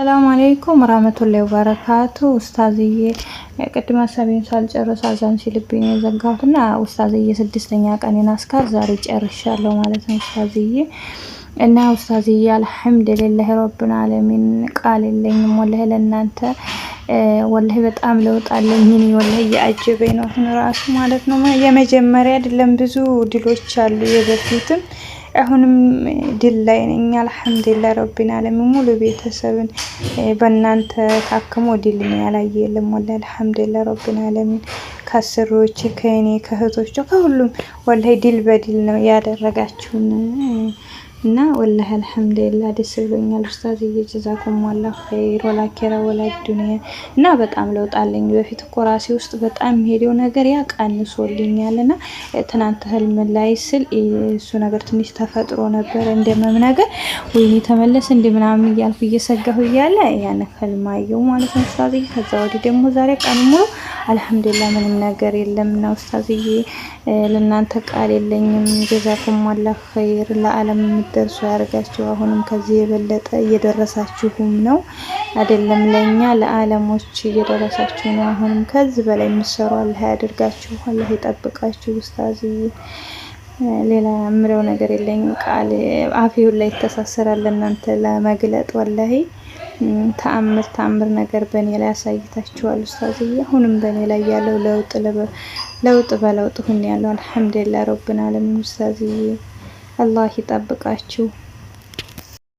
ሰላም አለይኩም ወራህመቱላሂ ወበረካቱ። ኡስታዝዬ ቅድም ሀሳቤን ሳልጨርስ አዛን ሲልብኝ የዘጋሁትና ኡስታዝዬ ስድስተኛ ቀኔን አስካር ዛሬ ጨርሻለሁ ማለት ነው ኡስታዝዬ እና ኡስታዝዬ አልሐምዱሊላህ ረብል ዓለሚን ቃል የለኝም ወላሂ ለእናንተ ወላሂ በጣም ለውጥ አለኝ። እኔ ወላሂ እያአጀበኝ ነው ራሱ ማለት ነው። የመጀመሪያ አይደለም ብዙ ድሎች አሉ የበፊትም አሁንም ድል ላይ ነኝ። አልሐምዱሊላህ ረቢን አለም ሙሉ ቤተሰብን በእናንተ ታክሞ ድል ነው ያላየ የለም። ወላሂ አልሐምዱሊላህ ረቢል ዓለሚን ከአሰሪዎቼ፣ ከእኔ፣ ከእህቶቼ፣ ከሁሉም ወላሂ ድል በድል ነው ያደረጋችሁን እና ወላህ አልሐምዱሊላህ ደስ ብሎኛል። ኡስታዝ እየጀዛኩም ዋላ ኸይር ወላኪራ ወላ ዱንያ እና በጣም ለውጥ አለኝ። በፊት እኮ ራሴ ውስጥ በጣም የሚሄደው ነገር ያ ቀንሶልኛል። እና ትናንት ህልም ላይ ስል እሱ ነገር ትንሽ ተፈጥሮ ነበር እንደመም ነገር ወይኔ ተመለስ እንደ ምናምን እያልኩ እየሰጋሁ እያለ ያን ህልም አየሁ ማለት ነው ኡስታዝ። ከዛ ወዲህ ደግሞ ዛሬ ቀን ሙሉ አልሐምዱሊላህ ምንም ነገር የለም። እና ኡስታዝዬ ለእናንተ ቃል የለኝም። ጀዛኩም ዋላ ኸይር ለዓለም እንድትደርሱ ያደርጋችሁ። አሁንም ከዚህ የበለጠ እየደረሳችሁም ነው አይደለም፣ ለእኛ ለዓለሞች እየደረሳችሁ ነው። አሁንም ከዚህ በላይ የምትሰሩ አላህ ያደርጋችሁ፣ አላህ ይጠብቃችሁ። ኡስታዝ ሌላ ምረው ነገር የለኝም። ቃል አፌው ላይ ይተሳሰራል እናንተ ለመግለጥ ወላሂ ተአምር ተአምር ነገር በእኔ ላይ አሳይታችኋል ኡስታዝዬ። አሁንም በእኔ ላይ ያለው ለውጥ ለውጥ በለውጥ ሁን ያለው አልሐምዱሊላህ ረብን አለሚን ኡስታዝዬ። አላህ ይጠብቃችሁ።